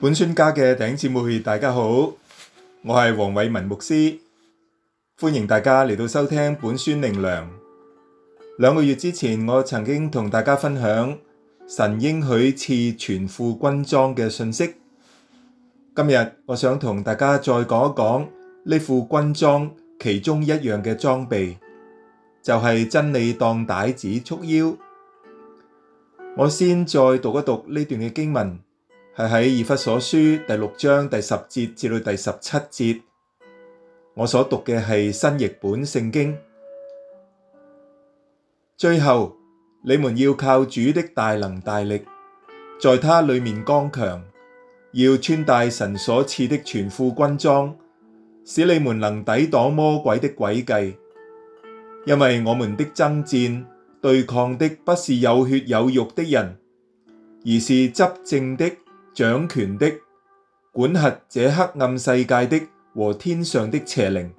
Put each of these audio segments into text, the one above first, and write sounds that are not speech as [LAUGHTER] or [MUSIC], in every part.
本宣家嘅頂節目，大家好，我係王偉文牧師，歡迎大家嚟到收聽本宣靈良。兩個月之前，我曾經同大家分享神應許賜全副軍裝嘅信息。今日我想同大家再講一講呢副軍裝其中一樣嘅裝備，就係真理當帶子束腰。我先再讀一讀呢段嘅經文。係喺《以弗所書》第六章第十節至到第十七節，我所讀嘅係新譯本聖經。最後，你們要靠主的大能大力，在他裡面剛強，要穿戴神所賜的全副軍裝，使你們能抵擋魔鬼的詭計。因為我們的爭戰對抗的不是有血有肉的人，而是執政的。掌權的管轄這黑暗世界的和天上的邪靈，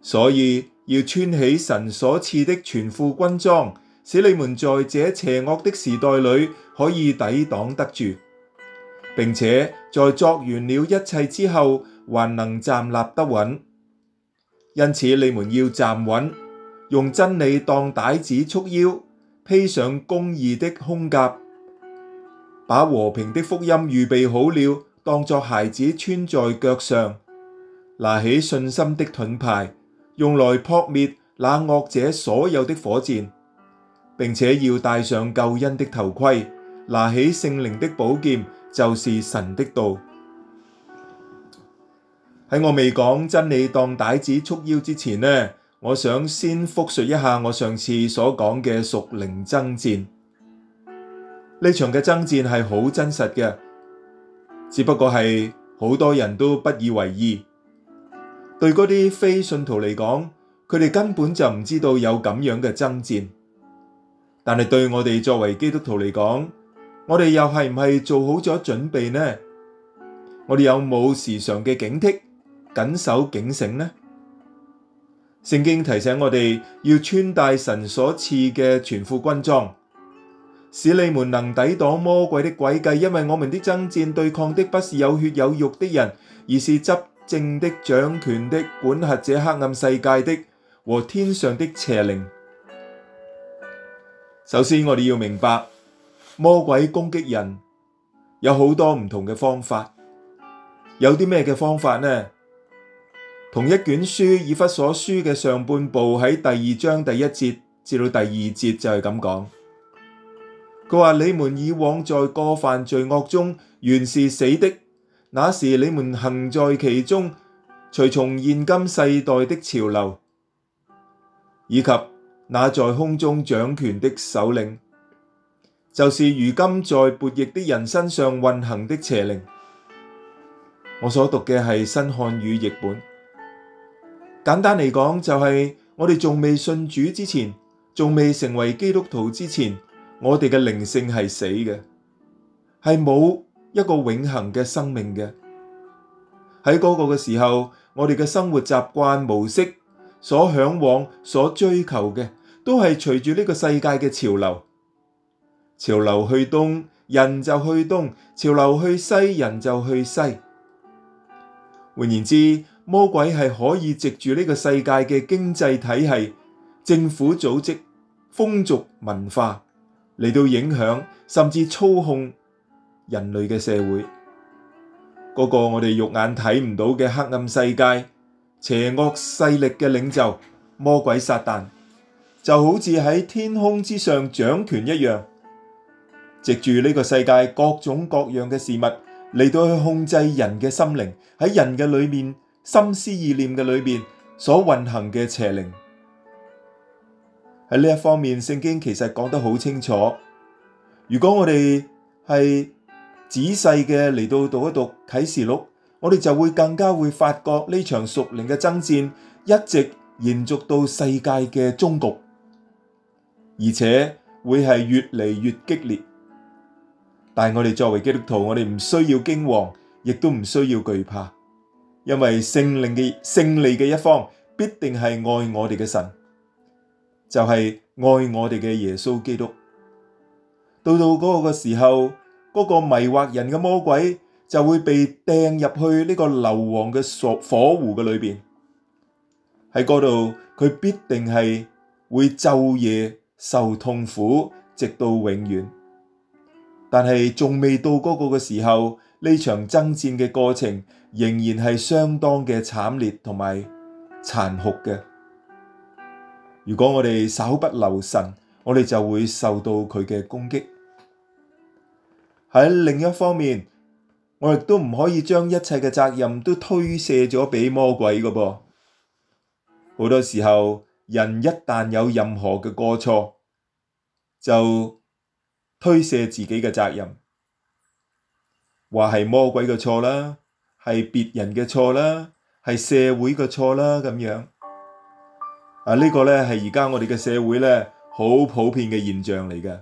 所以要穿起神所賜的全副軍裝，使你們在這邪惡的時代裏可以抵擋得住。並且在作完了一切之後，還能站立得穩。因此你們要站穩，用真理當帶子束腰，披上公義的胸甲。把和平的福音預備好了，當作鞋子穿在腳上；拿起信心的盾牌，用來撲滅那惡者所有的火箭，並且要戴上救恩的頭盔；拿起聖靈的寶劍，就是神的道。喺 [NOISE] 我未講真理當帶子束腰之前呢，我想先複述一下我上次所講嘅屬靈爭戰。呢場嘅爭戰係好真實嘅，只不過係好多人都不以為意。對嗰啲非信徒嚟講，佢哋根本就唔知道有咁樣嘅爭戰。但係對我哋作為基督徒嚟講，我哋又係唔係做好咗準備呢？我哋有冇時常嘅警惕、謹守警醒呢？聖經提醒我哋要穿戴神所賜嘅全副軍裝。使你們能抵擋魔鬼的詭計，因為我們的爭戰對抗的不是有血有肉的人，而是執政的掌權的管轄者、黑暗世界的和天上的邪靈。首先，我哋要明白魔鬼攻擊人有好多唔同嘅方法。有啲咩嘅方法呢？同一卷書以弗所書嘅上半部喺第二章第一節至到第二節就係咁講。佢話：你們以往在過犯罪惡中原是死的，那時你們行在其中，隨從現今世代的潮流，以及那在空中掌權的首領，就是如今在悖逆的人身上運行的邪靈。我所讀嘅係新漢語譯本，簡單嚟講就係我哋仲未信主之前，仲未成為基督徒之前，我哋嘅靈性係死嘅，係冇一個永恒嘅生命嘅。喺嗰個嘅時候，我哋嘅生活習慣模式所向往、所追求嘅，都係隨住呢個世界嘅潮流，潮流去東人就去東，潮流去西人就去西。換言之，魔鬼係可以藉住呢個世界嘅經濟體系、政府組織、風俗文化。嚟到影響甚至操控人類嘅社會，嗰個我哋肉眼睇唔到嘅黑暗世界、邪惡勢力嘅領袖魔鬼撒旦，就好似喺天空之上掌權一樣，藉住呢個世界各種各樣嘅事物嚟到去控制人嘅心靈，喺人嘅裏面心思意念嘅裏面所運行嘅邪靈。喺呢一方面，聖經其實講得好清楚。如果我哋係仔細嘅嚟到讀一讀啟示錄，我哋就會更加會發覺呢場屬靈嘅爭戰一直延續到世界嘅終局，而且會係越嚟越激烈。但係我哋作為基督徒，我哋唔需要驚惶，亦都唔需要懼怕，因為聖靈嘅勝利嘅一方必定係愛我哋嘅神。就係愛我哋嘅耶穌基督，到到嗰個嘅時候，嗰個迷惑人嘅魔鬼就會被掟入去呢個硫磺嘅火火湖嘅裏邊，喺嗰度佢必定係會晝夜受痛苦，直到永遠。但係仲未到嗰個嘅時候，呢場爭戰嘅過程仍然係相當嘅慘烈同埋殘酷嘅。如果我哋稍不留神，我哋就會受到佢嘅攻擊。喺另一方面，我哋都唔可以將一切嘅責任都推卸咗俾魔鬼嘅噃。好多時候，人一旦有任何嘅過錯，就推卸自己嘅責任，話係魔鬼嘅錯啦，係別人嘅錯啦，係社會嘅錯啦咁樣。啊！呢個呢係而家我哋嘅社會呢好普遍嘅現象嚟嘅。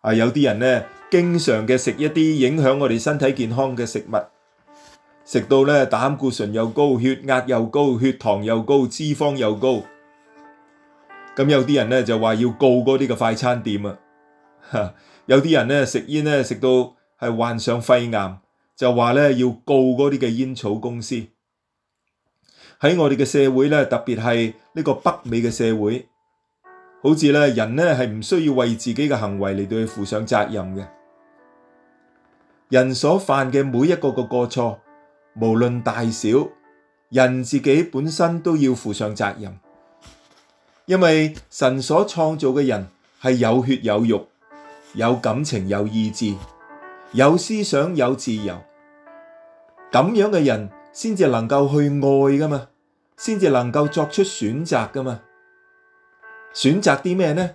啊，有啲人呢經常嘅食一啲影響我哋身體健康嘅食物，食到呢膽固醇又高、血壓又高、血糖又高、脂肪又高。咁有啲人呢就話要告嗰啲嘅快餐店啊。有啲人呢食煙呢，食到係患上肺癌，就話呢要告嗰啲嘅煙草公司。喺我哋嘅社會呢，特別係。呢個北美嘅社會，好似咧人咧係唔需要為自己嘅行為嚟到去負上責任嘅。人所犯嘅每一個個過錯，無論大小，人自己本身都要負上責任。因為神所創造嘅人係有血有肉、有感情、有意志、有思想、有自由，咁樣嘅人先至能夠去愛㗎嘛。先至能夠作出選擇㗎嘛。選擇啲咩呢？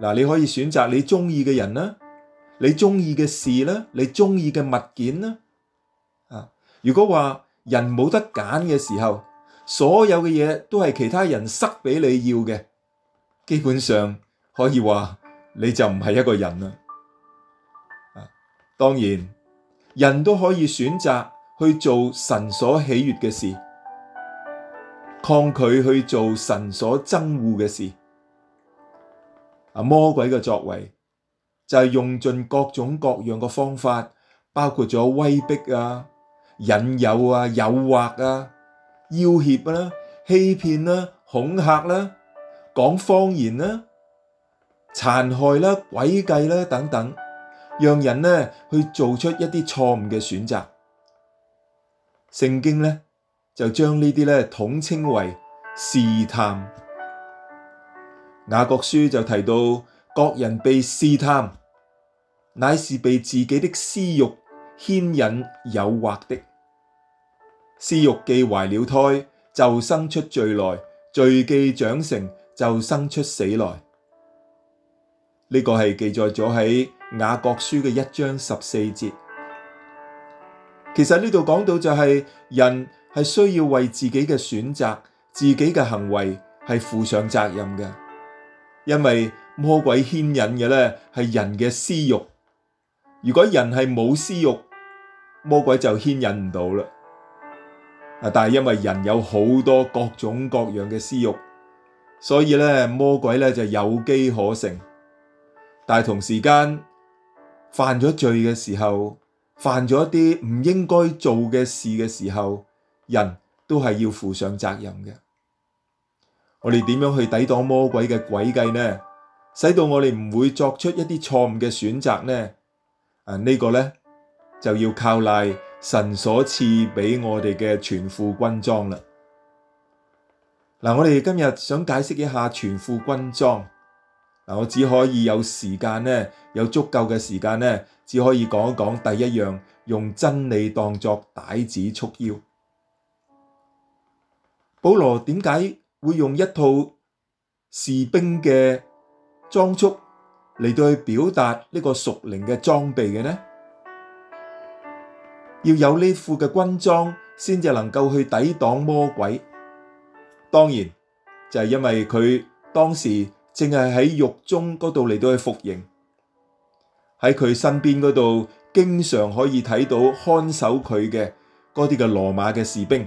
嗱，你可以選擇你中意嘅人啦，你中意嘅事啦，你中意嘅物件啦。啊，如果話人冇得揀嘅時候，所有嘅嘢都係其他人塞俾你要嘅，基本上可以話你就唔係一個人啦。啊，當然人都可以選擇去做神所喜悅嘅事。抗拒去做神所憎惡嘅事，啊，魔鬼嘅作為就係、是、用盡各種各樣嘅方法，包括咗威逼啊、引誘啊、誘惑啊、要挾啦、啊、欺騙啦、啊、恐嚇啦、啊、講謊言啦、啊、殘害啦、啊、詭計啦等等，讓人呢去做出一啲錯誤嘅選擇。聖經呢？就將呢啲咧統稱為試探。雅各書就提到，各人被試探，乃是被自己的私欲牽引誘惑的。私欲既懷了胎，就生出罪來；罪既長成，就生出死來。呢、這個係記載咗喺雅各書嘅一章十四節。其實呢度講到就係人。係需要為自己嘅選擇，自己嘅行為係負上責任嘅，因為魔鬼牽引嘅咧係人嘅私欲。如果人係冇私欲，魔鬼就牽引唔到啦。啊！但係因為人有好多各種各樣嘅私欲，所以咧魔鬼咧就有機可乘。但係同時間，犯咗罪嘅時候，犯咗一啲唔應該做嘅事嘅時候，人都係要負上責任嘅，我哋點樣去抵擋魔鬼嘅詭計呢？使到我哋唔會作出一啲錯誤嘅選擇呢？呢、啊呢個呢就要靠賴神所賜俾我哋嘅全副軍裝啦。嗱、啊，我哋今日想解釋一下全副軍裝。嗱、啊，我只可以有時間呢，有足夠嘅時間呢，只可以講一講第一樣，用真理當作帶子束腰。保羅點解會用一套士兵嘅裝束嚟到去表達呢個屬靈嘅裝備嘅呢？要有呢副嘅軍裝先至能夠去抵擋魔鬼。當然就係因為佢當時正係喺獄中嗰度嚟到去服刑，喺佢身邊嗰度經常可以睇到看守佢嘅嗰啲嘅羅馬嘅士兵，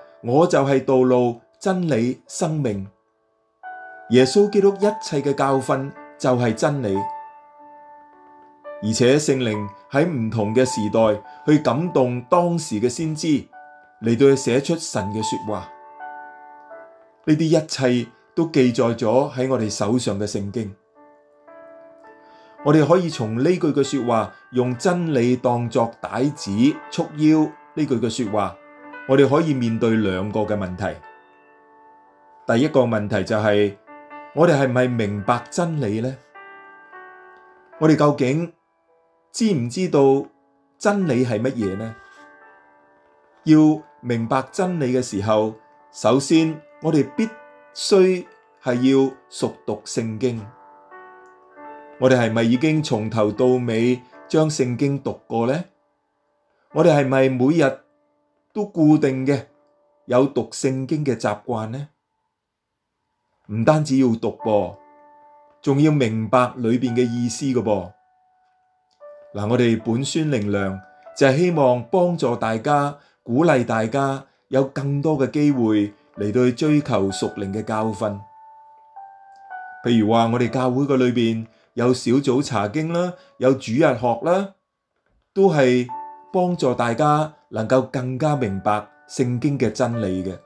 我就係道路、真理、生命。耶穌基督一切嘅教訓就係真理，而且聖靈喺唔同嘅時代去感動當時嘅先知嚟到去寫出神嘅說話。呢啲一切都記載咗喺我哋手上嘅聖經。我哋可以從呢句嘅說話，用真理當作帶子，束腰呢句嘅說話。我哋可以面對兩個嘅問題。第一個問題就係，我哋係咪明白真理咧？我哋究竟知唔知道真理係乜嘢咧？要明白真理嘅時候，首先我哋必須係要熟讀聖經。我哋係咪已經從頭到尾將聖經讀過咧？我哋係咪每日都固定嘅，有讀聖經嘅習慣呢，唔單止要讀噃，仲要明白裏邊嘅意思㗎噃。嗱，我哋本宣靈糧就係、是、希望幫助大家，鼓勵大家有更多嘅機會嚟到追求屬靈嘅教訓。譬如話我哋教會嘅裏邊有小組查經啦，有主日學啦，都係幫助大家。能夠更加明白聖經嘅真理嘅。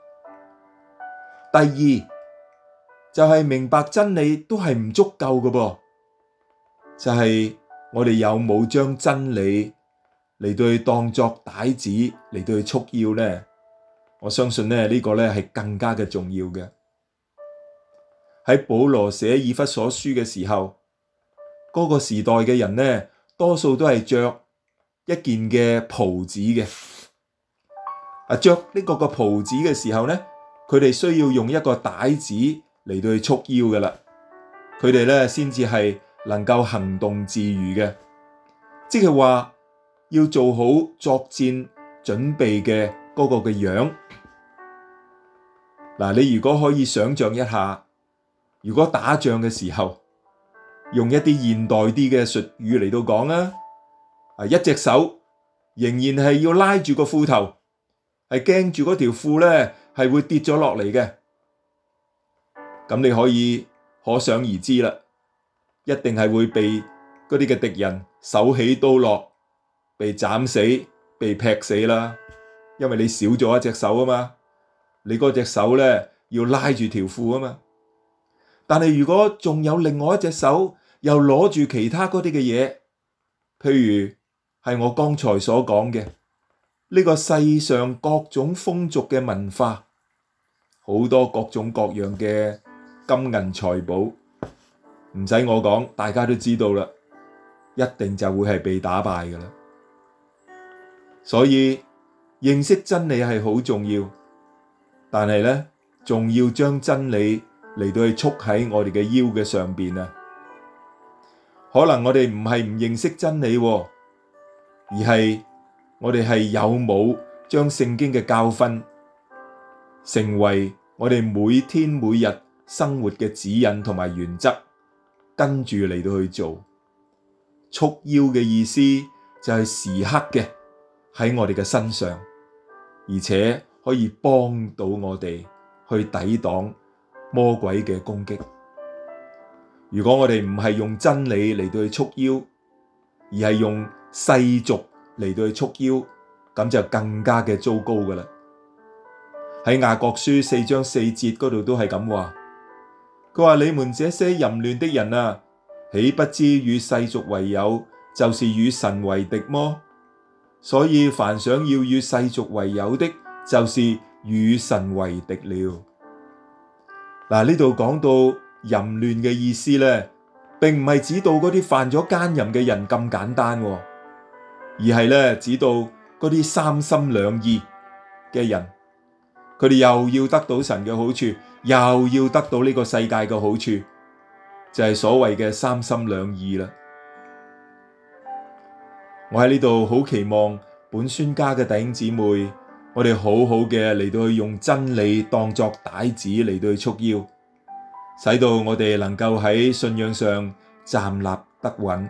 第二就係、是、明白真理都係唔足夠嘅噃，就係、是、我哋有冇將真理嚟，對當作帶子嚟對束腰呢？我相信咧呢個咧係更加嘅重要嘅。喺保羅寫以弗所書嘅時候，嗰、那個時代嘅人呢，多數都係着一件嘅袍子嘅。啊！著呢個個袍子嘅時候呢，佢哋需要用一個帶子嚟到去束腰嘅啦，佢哋呢先至係能夠行動自如嘅，即係話要做好作戰準備嘅嗰個嘅樣。嗱，你如果可以想象一下，如果打仗嘅時候用一啲現代啲嘅術語嚟到講啊，一隻手仍然係要拉住個褲頭，係驚住嗰條褲咧，係會跌咗落嚟嘅。咁你可以可想而知啦，一定係會被嗰啲嘅敵人手起刀落，被斬死、被劈死啦。因為你少咗一隻手啊嘛，你嗰隻手咧要拉住條褲啊嘛。但係如果仲有另外一隻手，又攞住其他嗰啲嘅嘢，譬如係我剛才所講嘅。呢個世上各種風俗嘅文化，好多各種各樣嘅金銀財寶，唔使我講，大家都知道啦，一定就會係被打敗㗎啦。所以認識真理係好重要，但係呢，仲要將真理嚟到去束喺我哋嘅腰嘅上邊啊。可能我哋唔係唔認識真理，而係。我哋係有冇將聖經嘅教訓成為我哋每天每日生活嘅指引同埋原則，跟住嚟到去做。束腰嘅意思就係時刻嘅喺我哋嘅身上，而且可以幫到我哋去抵擋魔鬼嘅攻擊。如果我哋唔係用真理嚟到去束腰，而係用世俗。嚟到去束腰，咁就更加嘅糟糕噶啦。喺雅各書四章四節嗰度都係咁話，佢話你們這些淫亂的人啊，豈不知與世俗為友，就是與神為敵麼？所以凡想要與世俗為友的，就是與神為敵了。嗱，呢度講到淫亂嘅意思咧，並唔係指到嗰啲犯咗奸淫嘅人咁簡單。而係咧，指到嗰啲三心兩意嘅人，佢哋又要得到神嘅好處，又要得到呢個世界嘅好處，就係所謂嘅三心兩意啦。我喺呢度好期望本孫家嘅弟兄姊妹，我哋好好嘅嚟到去用真理當作帶子嚟到去束腰，使到我哋能夠喺信仰上站立得穩。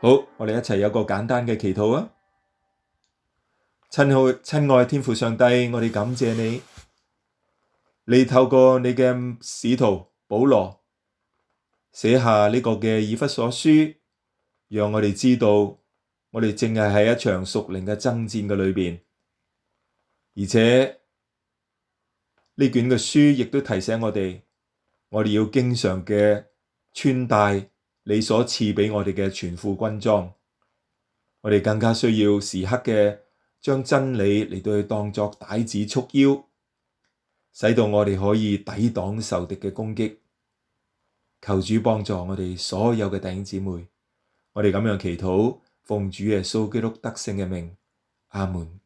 好，我哋一齊有個簡單嘅祈禱啊！親愛、親愛天父上帝，我哋感謝你，你透過你嘅使徒保羅寫下呢個嘅以弗所書，讓我哋知道我哋正係喺一場屬靈嘅爭戰嘅裏邊，而且呢卷嘅書亦都提醒我哋，我哋要經常嘅穿戴。你所賜俾我哋嘅全副軍裝，我哋更加需要時刻嘅將真理嚟到去當作帶子束腰，使到我哋可以抵擋仇敵嘅攻擊。求主幫助我哋所有嘅弟兄姊妹，我哋咁樣祈禱，奉主耶穌基督得勝嘅名。阿門。